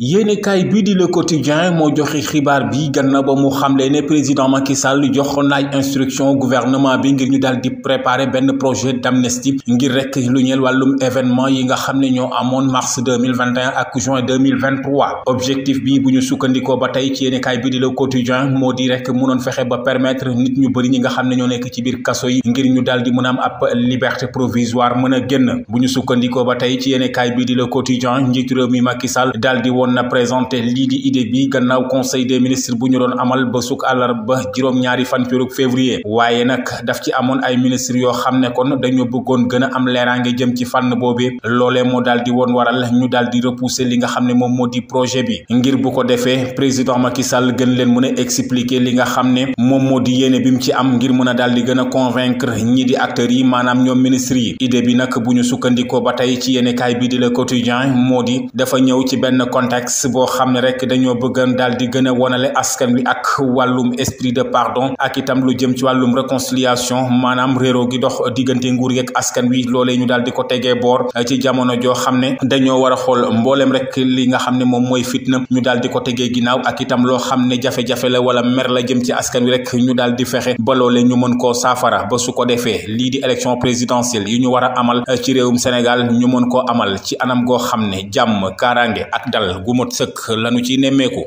kay bii di Le Quotidien moo joxe xibaar bi ganna ba mu ne président Macky Sall joxoon instruction gouvernement bi ngir ñu Ben di préparer benn projet d'amnistie ngir rek lu ñeel wàllum événement yi nga xam ne ñoo amoon mars 2021 ak juin 2023 objectif bi bu ñu sukkandikoo ba tey ci kay bii di Le Quotidien moo di rek fexe ba permettre nit ñu bëri ñi nga xam ne ñoo ci biir kaso yi ngir ñu daldi di mën a am ab liberté provisoire mën a génn bu ñu sukkandikoo ba tey ci kay bii di Le Quotidien njiitu réew mi Macky Sall daal waroon na présenté lii di idée bi gannaaw conseil des ministres bu ñu doon amal ba suk àllarba juróom-ñaari fan weeru février waaye nag daf ci amoon ay ministres yoo xam ne kon dañoo bëggoon gën a am leeraange jëm ci fànn boobee loole moo daal di woon waral ñu daal di repousser li nga xam ne moom moo di projet bi ngir bu ko defee président Macky Sall gën leen mën a expliquer li nga xam ne moom moo di yéene bi mu ci am ngir mën a daal di gën a convaincre ñi di acteurs yi maanaam ñoom ministres yi idée bi nag bu ñu sukkandikoo ba tey ci yéene kaay bi di le moo di texte boo xam ne rek dañoo bëggan daal di gën a wonale askan wi ak wàllum esprit de pardon ak itam lu jëm ci wàllum réconciliation maanaam réeroo gi dox diggante nguur yeeg askan wi loole ñu daal di ko tegee boor ci jamono joo xam ne dañoo war a xool mbooleem rek li nga xam ne moom mooy fitna ñu daal di ko tegee ginnaaw ak itam loo xam ne jafe-jafe la wala mer la jëm ci askan wi rek ñu daal di fexe ba loolee ñu mën koo saafara ba su ko defee lii di élection présidentielle yi ñu war a amal ci réewum Sénégal ñu mën koo amal ci anam goo xam ne jàmm kaaraange ak dal gu mot la lanu ci nemmeeku